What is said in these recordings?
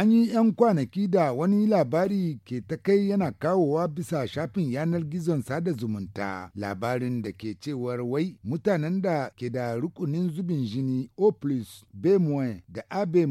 an yi 'yan kwanaki da wani labari ke ta kai yana kawowa bisa shafin yanar gizon sada zumunta labarin da ke cewar wai mutanen da ke da rukunin zubin jini o plus b da b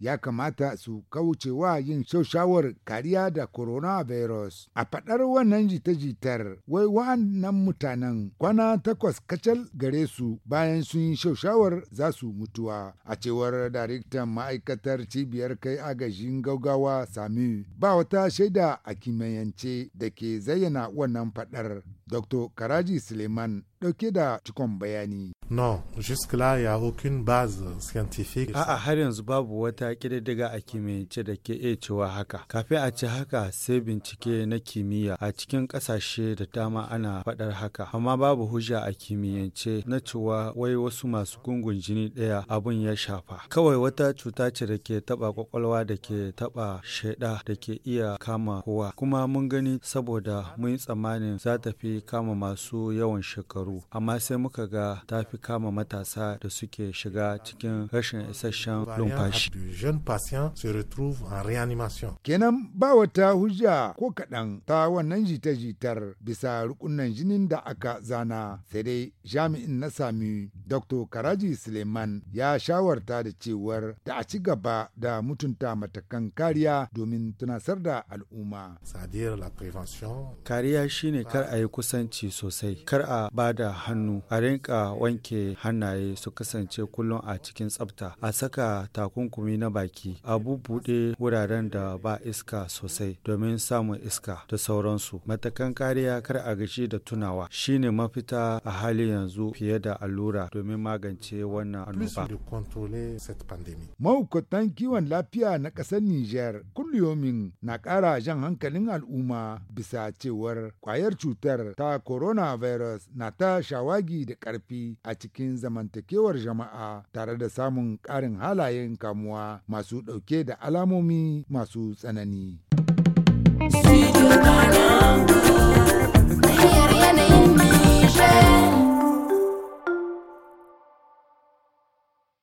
ya kamata su kaucewa yin shaushawar kariya da coronavirus a faɗar wannan jita-jitar wai wa'annan mutanen kwana takwas kacal gare su bayan sun yi shaushawar za su mutuwa a cewar daraktan ma'aikatar cibiyar kai agaji agajin gaugawa sami ba wata shaida a kimiyyance da ke zayyana wannan fadar dr karaji suleiman Dauke da cikon bayani. No, jusque là, aucune base scientifique. A'a har yanzu babu wata ƙididdiga a kimiyyance da ke iya cewa haka. Kafin a ce haka sai bincike na kimiyya a cikin ƙasashe da dama ana faɗar haka. Amma babu hujja a kimiyyance na cewa wai wasu masu gungun jini ɗaya abun ya shafa. Kawai wata cuta ce da ke taɓa ƙwaƙwalwa da ke taɓa shaiɗa da ke iya kama kowa. Kuma mun gani saboda mun yi tsammanin za ta fi kama masu yawan shekaru. amma sai muka ga ta fi kama matasa da suke shiga cikin rashin isasshen numfashi kenan ba wata hujja ko kaɗan ta wannan jita-jitar bisa rukunan jinin da aka zana sai dai jami'in na sami Dr. Karaji Suleiman ya shawarta da cewar da a ci gaba da mutunta matakan kariya domin tunasar da al'umma. Kariya shine kar a yi kusanci sosai, kar a ba da hannu, a rinka wanke hannaye su kasance kullum a cikin tsafta, a saka takunkumi na baki, a bubuɗe wuraren da ba iska sosai domin samun iska da sauransu. Matakan kariya kar a gashi da tunawa shine mafita a hali yanzu fiye da allura. domin magance wannan annoba. Mahukuntan kiwon lafiya na ƙasar Nijar kulliyomin na ƙara jan hankalin al'umma bisa cewar ƙwayar cutar ta coronavirus na ta shawagi da ƙarfi a cikin zamantakewar jama'a tare da samun ƙarin halayen kamuwa masu ɗauke da alamomi masu tsanani.